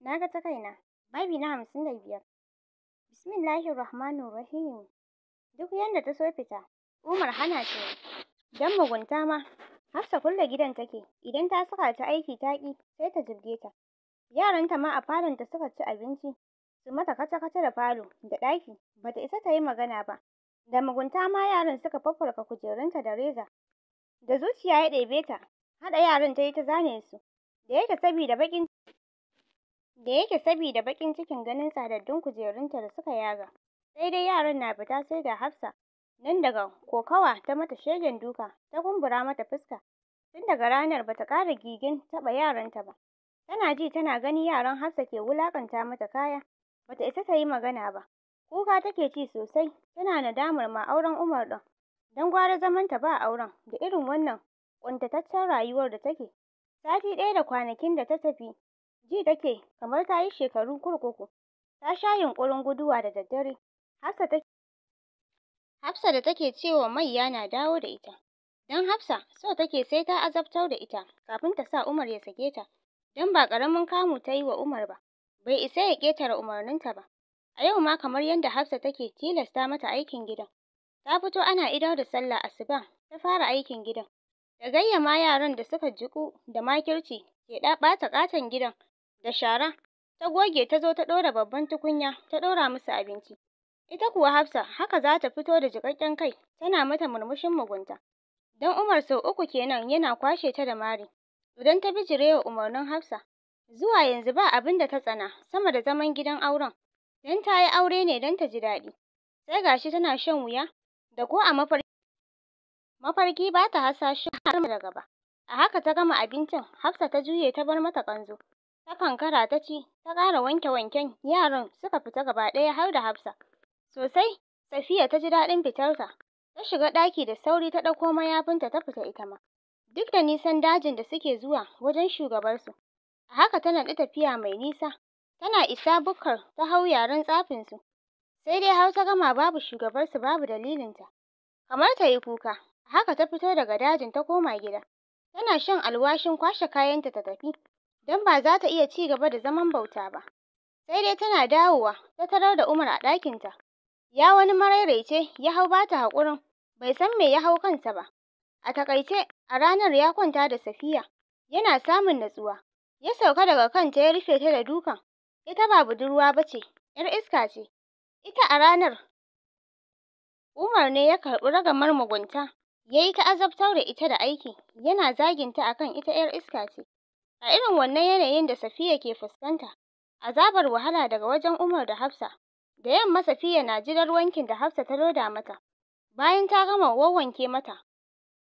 na ga ta kaina babi na hamsin da biyar bismillahi rahmanu rahim duk yadda ta so fita umar hana ta dan mugunta ma hafsa kulle gidan take idan ta saka ta aiki ta ƙi, sai ta jirge ta yaranta ma a falon ta suka ci abinci su mata kaca-kaca da falo da ɗaki bata isa ta yi magana ba da mugunta ma yaran suka faffarka kujerunta da reza da zuciya ya ɗebe ta haɗa yaran ta yi ta zane su da yake sabida baƙin da yake sabida baƙin cikin ganin sadaddun kujerunta da suka yaga sai dai yaran na fita sai ga Hafsa nan daga kokawa ta mata shegen duka ta kumbura mata fuska tun daga ranar bata ƙara gigin taɓa yaranta ba tana ji tana gani yaran Hafsa ke wulaƙanta mata kaya bata isa ta yi magana ba kuka take ci sosai tana nadamar ma auren Umar ɗin don gwara zaman ta ba auren da irin wannan ƙuntataccen rayuwar da take sati ɗaya da kwanakin da ta tafi ji take kamar ta yi shekaru kurkuku ta sha yunƙurin guduwa da daddare Hafsa ta Hafsa da take cewa Mayya na dawo da ita don Hafsa so take sai ta azabtar da ita kafin ta sa Umar ya sake ta dan ba ƙaramin kamu ta yi wa Umar ba bai isa ya ƙetare umarninta ba a yau ma kamar yadda Hafsa take tilasta mata aikin gidan ta fito ana idar da sallah asuba ta fara aikin gidan da gayyama yaran da suka jiku da makirci ke da ɓata ƙaton gidan da shara ta goge ta zo ta ɗora babban tukunya ta ɗora musu abinci ita kuwa Hafsa haka za ta fito da jikakken kai tana mata murmushin mugunta dan Umar sau uku kenan yana kwashe ta da mari idan ta bijirewa umarnin Hafsa zuwa yanzu ba abin da ta tsana sama da zaman gidan auren dan ta yi aure ne dan ta ji daɗi sai gashi tana shan wuya da ko a mafarki mafarki ba ta hasashen har da gaba a haka ta gama abincin Hafsa ta juye ta bar mata kanzo ta kankara ta ci ta ƙara wanke wanken yaran suka fita gaba ɗaya har da Hafsa sosai Safiya ta ji daɗin fitarta ta shiga ɗaki da sauri ta ɗauko mayafinta ta fita ita ma duk da nisan dajin da suke zuwa wajen shugabarsu a haka tana da tafiya mai nisa tana isa bukkar ta hau yaren tsafinsu sai dai har ta gama babu shugabarsu babu dalilinta kamar ta yi kuka haka ta fito daga dajin ta koma gida tana shan alwashin kwashe kayanta ta tafi don ba za ta iya ci gaba da zaman bauta ba. Sai dai tana dawowa ta tarar da Umar a ɗakinta. Ya wani marairaice ya hau bata ta haƙurin, bai san me ya hau kansa ba. A taƙaice a ranar ya kwanta da Safiya, yana samun natsuwa. Ya sauka daga kanta ya rufe ta da dukan. Ita ba budurwa ba ce, ‘yar iska ce. Ita a ranar Umar ne ya karɓi ragamar mugunta, ya yi ta azabtar da ita da aiki, yana zaginta a kan ita ‘yar iska ce. a irin wannan yanayin da Safiya ke fuskanta azabar wahala daga wajen Umar da Hafsa da yamma Safiya na jidar wankin da Hafsa ta loda mata bayan ta gama wawwanke mata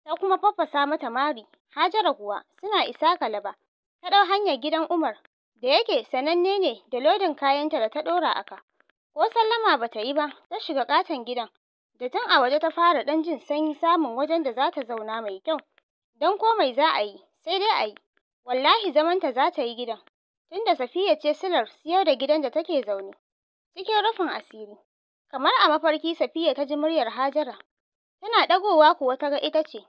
ta kuma faffasa mata mari Hajara kuwa suna isa Kalaba ta ɗau hanyar gidan Umar da yake sananne ne da lodin kayanta da ta ɗora aka ko sallama ta yi ba ta shiga ƙaton gidan da tun a waje ta fara ɗan jin sanyi samun wajen da za ta zauna mai kyau don ko mai za a yi sai dai a yi Wallahi zamanta za ta yi gidan, tunda Safiya ce silar siyar da gidan da take zaune. Cikin rufin asiri, kamar a mafarki Safiya ta ji muryar Hajara. Tana dagowa kuwa ta ga ita ce.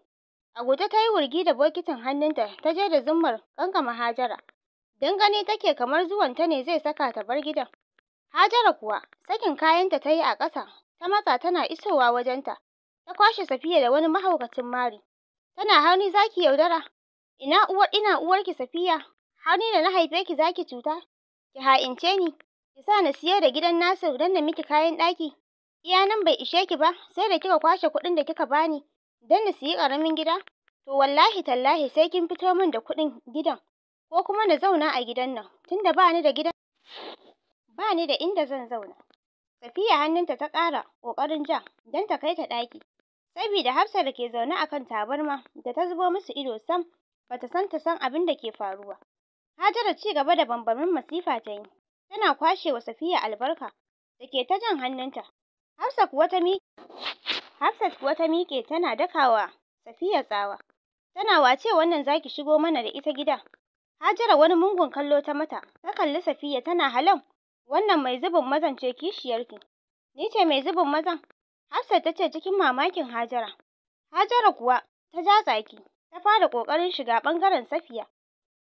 A guje ta yi wurgi da bokitin hannunta ta je da zummar ƙanƙama Hajara. Don gani take kamar zuwanta ne zai saka ta bar gidan. Hajara kuwa sakin kayanta ta yi a ƙasa ta matsa tana isowa wajenta. Ta kwashe Safiya da wani mahaukacin mari. Tana hauni za ki yaudara, Ina uwar ina uwarki Safiya, har ni da na haife ki zaki cuta? Ki ha'ince ni, ki sa na siyar da gidan Nasir don na miki kayan ɗaki. Iya nan bai ishe ki ba, sai da kika kwashe kuɗin da kika bani don na siyi ƙaramin gida. To wallahi tallahi sai kin fito min da kuɗin gidan, ko kuma na zauna a gidan nan, tunda ba ni da gidan ba ni da inda zan zauna. Safiya hannunta ta ƙara ƙoƙarin ja don ta kai ta ɗaki, sabida Hafsat da ke zaune a kan tabarma da ta zubo musu ido sam. bata san ta san abin da ke faruwa Hajara ci gaba da bambamin masifa ta yi tana kwashe wa Safiya albarka da ke ta jan hannunta Hafsat kuwa ta miƙe Hafsat kuwa ta miƙe tana dakawa Safiya tsawa tana wace wannan zaki shigo mana da ita gida Hajara wani mungun kallo ta mata ta kalli Safiya tana halan wannan mai zubin mazan ce kishiyarki ni ce mai zubin mazan Hafsat ta ce cikin mamakin Hajara Hajara kuwa ta ja tsaki ta fara ƙoƙarin shiga ɓangaren Safiya.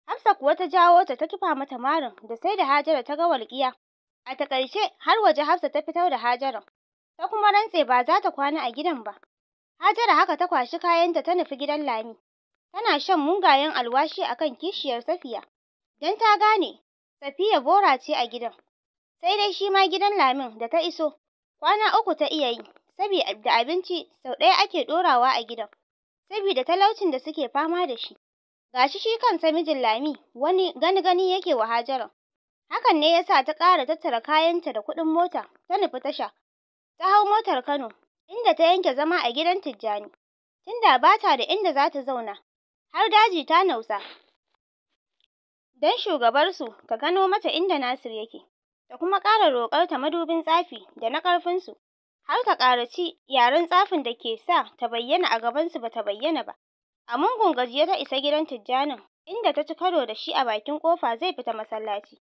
Hafsa kuwa ta jawo ta ta kifa mata marin da sai da Hajara ta ga walƙiya. A takaice har waje Hafsa ta fitar da Hajaran, ta kuma rantse ba za ta kwana a gidan ba. Hajara haka ta kwashi kayanta ta nufi gidan Lami. Tana shan mungayen alwashi akan kishiyar Safiya. Don ta gane, Safiya bora ce a gidan. Sai dai shi ma gidan Lamin da ta iso, kwana uku ta iya yi, saboda abinci sau ɗaya ake ɗorawa a gidan. saboda talaucin da suke fama da shi gashi shi kansa mijin Lami wani gani gani yake wa Hajara hakan ne yasa ta ƙara tattara kayanta da kuɗin mota ta nufi tasha ta hau motar Kano inda ta yanke zama a gidan Tijjani tunda ba ta da inda za ta zauna har daji ta nausa don shugabarsu ka gano mata inda Nasir yake ta kuma ƙara roƙar ta madubin tsafi da na ƙarfinsu har ka ci yaren tsafin da ke sa ta bayyana a gabansu bata bayyana ba a mungun gajiye ta isa gidan Tijjanin inda ta ci karo da shi a bakin ƙofa zai fita masallaci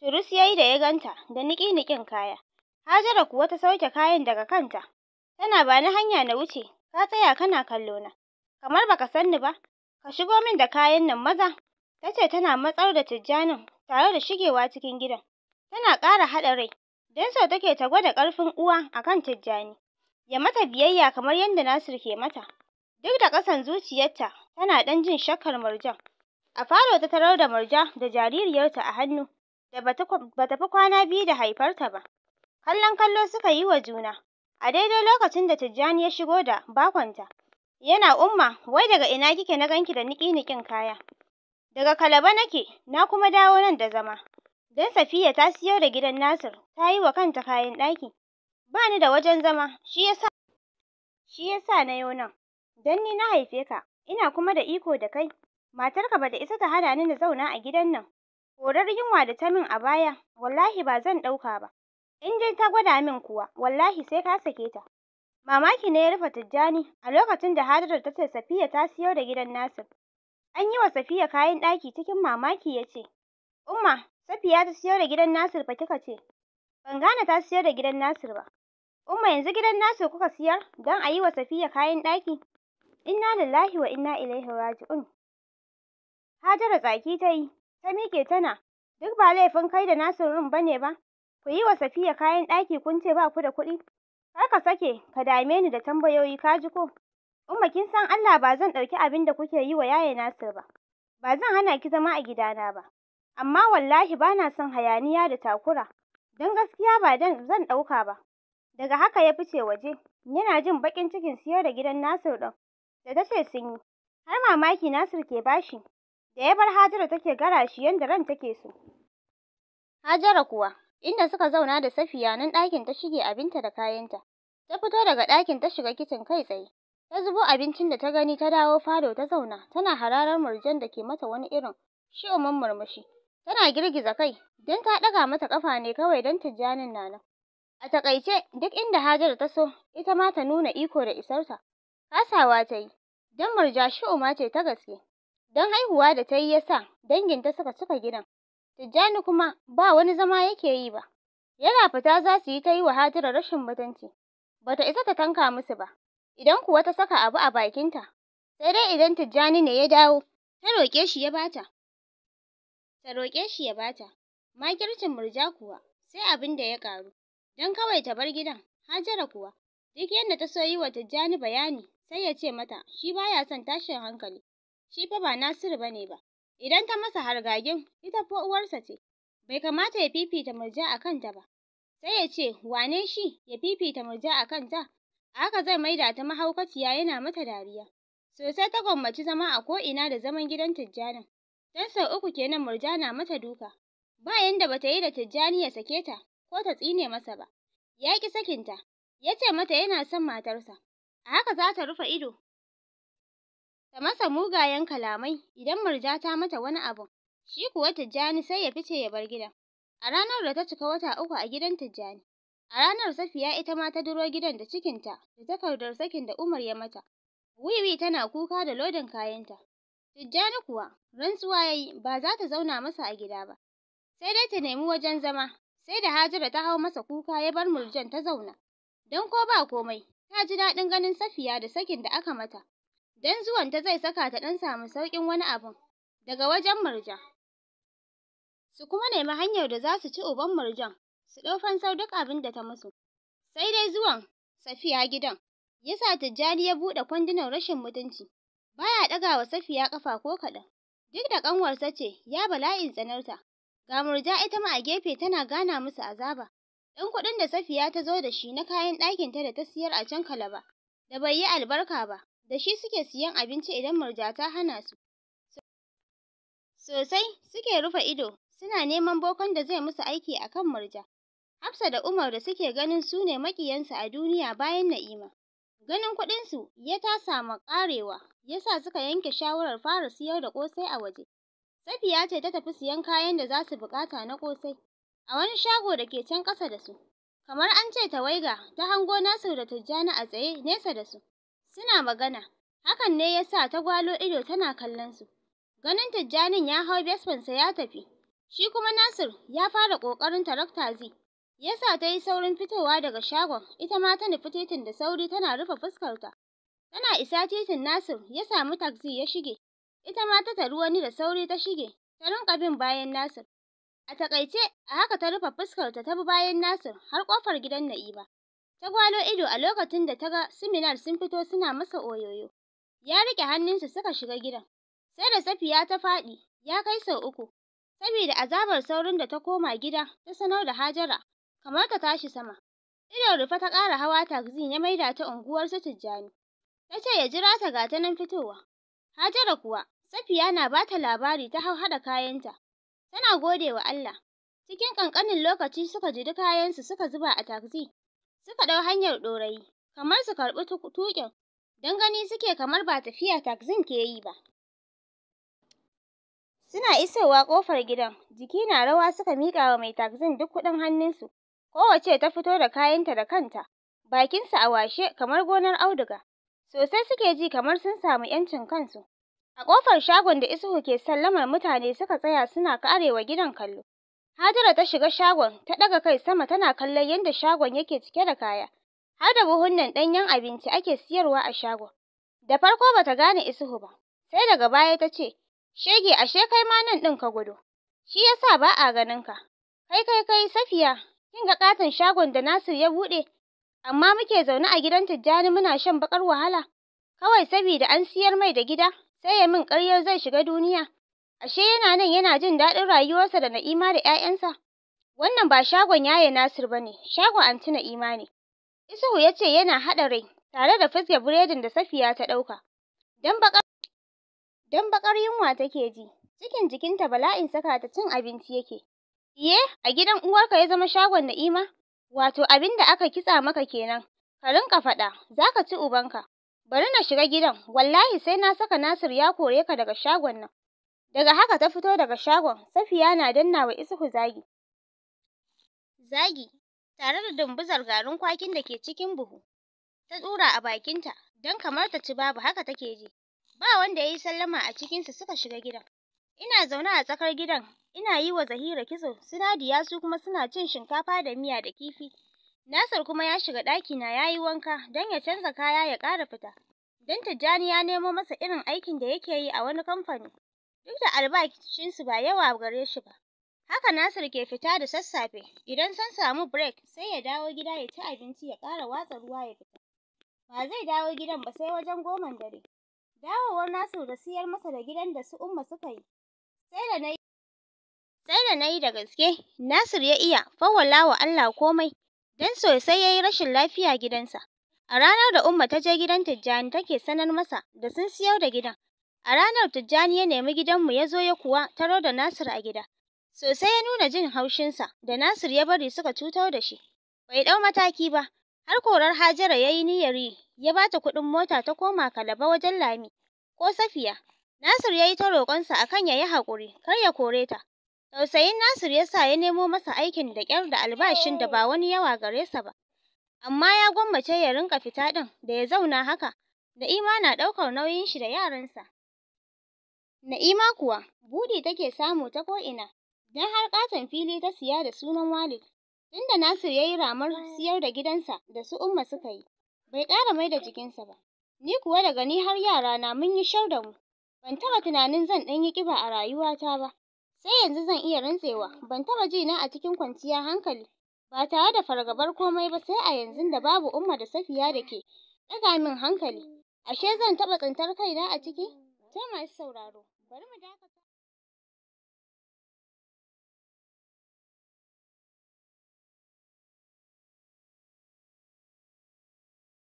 turus yayi da ya ganta da niƙi-niƙin kaya Hajara kuwa ta sauke kayan daga kanta tana bani hanya na wuce ka tsaya kana kallo na kamar baka san ni ba ka shigo min da kayan nan maza tace tana matsar da Tijjanin tare da shigewa cikin gidan tana ƙara haɗa rai dan so take ta gwada ƙarfin uwa akan Tijjani ya mata biyayya kamar yadda Nasir ke mata duk da ƙasan zuciyarta tana ɗan jin shakkar Murjan a falo ta tarar da Murja da jaririyarta a hannu da bata fi kwana biyu da haifarta ba kallon kallo suka yi wa juna a daidai lokacin da Tijjani ya shigo da bakonta yana umma wai daga ina kike na ganki da niƙi nikin kaya daga Kalaba nake na kuma dawo nan da zama Dan Safiya ta siyo da gidan Nasir, ta yi wa kanta kayan ɗaki. Ba ni da wajen zama, shi yasa shi sa na yau nan. Dan ni na haife ka, ina kuma da iko da kai. Matarka ba da isa ta hana ni na zauna a gidan nan. Horar yunwa da ta min a baya, wallahi ba zan ɗauka ba. In dai ta gwada min kuwa, wallahi sai ka sake ta. Mamaki ne ya rufe Tijjani a lokacin da Hadirar ta ce Safiya ta siyo da gidan Nasir. An yi wa Safiya kayan ɗaki cikin mamaki ya ce, Umma, Safiya ta siyo da gidan Nasir fa kika ce. Ban gane ta siyo da gidan Nasir ba. Umma yanzu gidan Nasir kuka siyar don a yi wa Safiya kayan ɗaki. Inna lillahi wa inna ilaihi raji'un. Hajara tsaki ta yi, ta miƙe tana, duk ba laifin kai da Nasirin ba ne ba. Ku yi wa Safiya kayan ɗaki kun ce ba ku da kuɗi. Kar ka sake ka dame ni da tambayoyi ka ji ko. Umma kin san Allah ba zan ɗauki abin da kuke yi wa yaye Nasir ba. Ba zan hana ki zama a gidana ba. amma wallahi bana son hayaniya da takura don gaskiya ba dan zan ɗauka ba daga haka ya fice waje yana jin baƙin cikin siyar da gidan Nasir ɗin da ta ce sun yi har mamaki Nasir ke bashi da ya bar Hajara take gara shi yanda ran take so Hajara kuwa inda suka zauna da Safiya nan ɗakin ta shige abinta da kayanta ta fito daga ɗakin ta shiga kicin kai tsaye ta zubo abincin da ta gani ta dawo falo ta zauna tana hararar murjan da ke mata wani irin shi'umin murmushi tana girgiza kai don ta ɗaga mata ƙafa ne kawai don tijjanin na nan a taƙaice duk inda Hajar ta so ita ma ta nuna iko da isarta kasawa ta yi don murja shi'u ma ce ta gaske don haihuwa da ta yi ya sa danginta suka cika gidan Tijjani kuma ba wani zama yake yi ba yana fita za su yi ta yi wa Hajara rashin mutunci ta isa ta tanka musu ba idan kuwa ta saka abu a bakinta sai dai idan Tijjani ne ya dawo ta roƙe shi ya bata ta roƙe shi ya bata makircin murja kuwa sai abin da ya ƙaru don kawai ta bar gidan hajara kuwa duk yadda ta so yi wa tijjani bayani sai ya ce mata shi ba ya son tashin hankali shi fa ba nasiru ba ne ba idan ta masa hargagen ita fa uwarsa ce bai kamata ya fifita murja a kanta ba sai ya ce wane shi ya fifita murja a kanta haka zai maida ta mahaukaciya yana mata dariya sosai ta gwammaci zama a ko'ina da zaman gidan tijjanin Dan sau uku kenan Murja na mata duka. Ba yanda bata yi da Tijjani ya sake ta ko ta tsine masa ba. Ya ki sakinta. Ya ce mata yana son matarsa. A haka za ta rufe ido. Ta masa mugayen kalamai idan Murja ta mata wani abu. Shi kuwa Tijjani sai ya fice ya bar gidan. A ranar da ta cika wata uku a gidan Tijjani. A ranar Safiya ita ma ta duro gidan da cikinta da takardar sakin da Umar ya mata. Wiwi tana kuka da lodin kayanta. Tijjani kuwa rantsuwa ya yi, ba za ta zauna masa a gida ba sai dai ta nemi wajen zama sai da Hajara ta hau masa kuka ya bar Murjan ta zauna don ko ba komai ta ji daɗin ganin Safiya da sakin da aka mata don zuwan ta zai saka ta ɗan samu sauƙin wani abun daga wajen Murjan su kuma nemi hanyar da za su ci uban Murjan su ɗau fansar duk abin da ta musu sai dai zuwan Safiya gidan ya sa Tijjani ya buɗe kwandunan rashin mutunci baya ɗaga wa Safiya ƙafa ko kaɗan. Duk da ƙanwarsa ce, ya bala'in tsanarta. Ga murja ita ma a gefe tana gana musu azaba. Ɗan kuɗin da Safiya ta zo da shi na kayan ɗakinta da ta siyar a can Kalaba, da bai yi albarka ba, da shi suke siyan abinci idan murja ta hana su. Sosai suke rufe ido, suna neman bokon da zai musu aiki a kan murja. Hafsa da Umar da suke ganin su ne maƙiyansa a duniya bayan Na'ima. ganin kuɗinsu ya tasa ma ƙarewa yasa suka yanke shawarar fara siyar da ƙosai a waje Safiya ce ta tafi siyan kayan da za su buƙata na ƙosai a wani shago da ke can ƙasa da su kamar an ce ta ga, ta hango Nasiru da Tijjani a tsaye nesa da su suna magana hakan ne yasa ta gwalo ido tana kallon su ganin Tijjanin ya hau sa ya tafi shi kuma Nasir ya fara ƙoƙarin tarakta zai yasa ta yi saurin fitowa daga shagon ita ma ta nufi titin da sauri tana rufe fuskarta tana isa titin Nasir ya samu taxi ya shige ita ma ta tari wani da sauri ta shige ta rinka bin bayan Nasir a takaice a haka ta rufe fuskarta ta bi bayan Nasir har kofar gidan Na'iba ta gwalo ido a lokacin da ta ga Siminal sun fito suna masa oyoyo ya rike hannunsa suka shiga gidan sai da Safiya ta faɗi ya kai sau uku saboda azabar saurin da ta koma gida ta sanar da Hajara kamar ta tashi sama idon rufe ta ƙara hawa taxin ya maida ta unguwar su Tijjani Ta ce ya jira ta ga ta nan fitowa Hajara kuwa Safiya na bata labari ta hau hada kayanta tana gode wa Allah cikin kankanin lokaci suka jidi kayansu suka zuba a taxi suka dau hanyar dorayi kamar su karbi tuƙin don gani suke kamar ba tafiya taxin ke yi ba suna isowa kofar gidan jiki na rawa suka mika wa mai taxin duk kudin hannunsu Kowacce ta fito da kayanta da kanta, bakinsu a washe kamar gonar auduga. Sosai suke ji kamar sun samu 'yancin kansu. A ƙofar shagon da Isuhu ke sallamar mutane suka tsaya suna karewa gidan kallo. Hajara ta shiga shagon, ta ɗaga kai sama tana kallon yadda shagon yake cike da kaya. Har da buhunnan danyen abinci ake siyarwa a shagon. Da farko bata gane Isuhu ba, sai daga baya ta ce, Shege ashe kai ma nan din ka gudu. Shi yasa ba a ganin ka. Kai kai kai Safiya, Kin ga katon shagon da Nasir ya buɗe, amma muke zaune a gidan Tijjani muna shan bakar wahala. Kawai saboda an siyar mai da gida, sai ya min ƙaryar zai shiga duniya. Ashe yana nan yana jin daɗin rayuwarsa da Na'ima da 'ya'yansa. Wannan ba shagon yaye Nasir bane, shagon anti Na'ima ne. Isuhu yace yana haɗa rai tare da fuske biredin da Safiya ta ɗauka. Dan baƙar dan yunwa take ji, cikin jikinta bala'in saka ta cin abinci yake. Iye, a gidan uwarka ya zama shagon Na'ima? Wato abinda aka kitsa maka kenan. Ka rinƙa faɗa, za ka ci ubanka. Bari na shiga gidan, wallahi sai na saka Nasir ya kore ka daga shagon nan. Daga haka ta fito daga shagon, Safiya na danna wa Isuhu zagi. Zagi, tare da dumbuzar garin kwakin da ke cikin buhu. Ta tsura a bakinta, don kamar ta ci babu haka take ji. Ba wanda ya yi sallama a cikinsu suka shiga gidan. Ina zaune a tsakar gidan, ina yi wa Zahira kitso, su Nadiya su kuma suna cin shinkafa da miya da kifi. Nasir kuma ya shiga ɗakina ya yi wanka don ya canza kaya ya ƙara fita. Don Tijjani ya nemo masa irin aikin da yake yi a wani kamfani. Duk da albashinsu ba yawa gare shi ba. Haka Nasir ke fita da sassafe, idan sun samu break sai ya dawo gida ya ci abinci ya ƙara watsa ruwa ya fita. Ba zai dawo gidan ba sai wajen goman dare. Dawowar Nasir da siyar masa da gidan da su Umma suka yi, sai da nayi sai da gaske Nasir ya iya fawwala wa Allah komai dan sosai yayi rashin lafiya gidansa a ranar da Umma ta je gidan Tijjani take sanar masa da sun siyar da gidan a ranar Tijjani ya nemi gidanmu ya zo ya kuwa taro da Nasir a gida sosai ya nuna jin haushinsa da Nasir ya bari suka cutar da shi bai dau mataki ba har korar Hajara yayi niyyar yi ya bata kuɗin mota ta koma Kalaba wajen Lami ko Safiya Nasir ya yi ta roƙonsa akan ya yi haƙuri, kar ya kore ta. Tausayin Nasir ya sa ya nemo masa aikin da ƙyar da albashin da ba wani yawa gare sa ba. Amma ya gwammace ya rinka fita ɗin da ya zauna haka, Na'ima na ɗaukar nauyin shi da yaransa. Na'ima kuwa buɗi take samu ta ko'ina, don har ƙaton fili ta siya da sunan Walid. Tunda Nasir ya yi ramar siyar da gidansa da su Umma suka yi, bai ƙara mai da jikinsa ba. Ni kuwa daga ni har yarana mun yi shar da mu. ban taɓa tunanin zan ɗan yi ƙiba a rayuwata ba sai yanzu zan iya rantsewa ban taɓa ji na a cikin kwanciya hankali ba tare da fargabar komai ba sai a yanzu da babu umma da safiya da ke ɗaga min hankali ashe zan taɓa tsintar kaina a ciki sai masu sauraro bari mu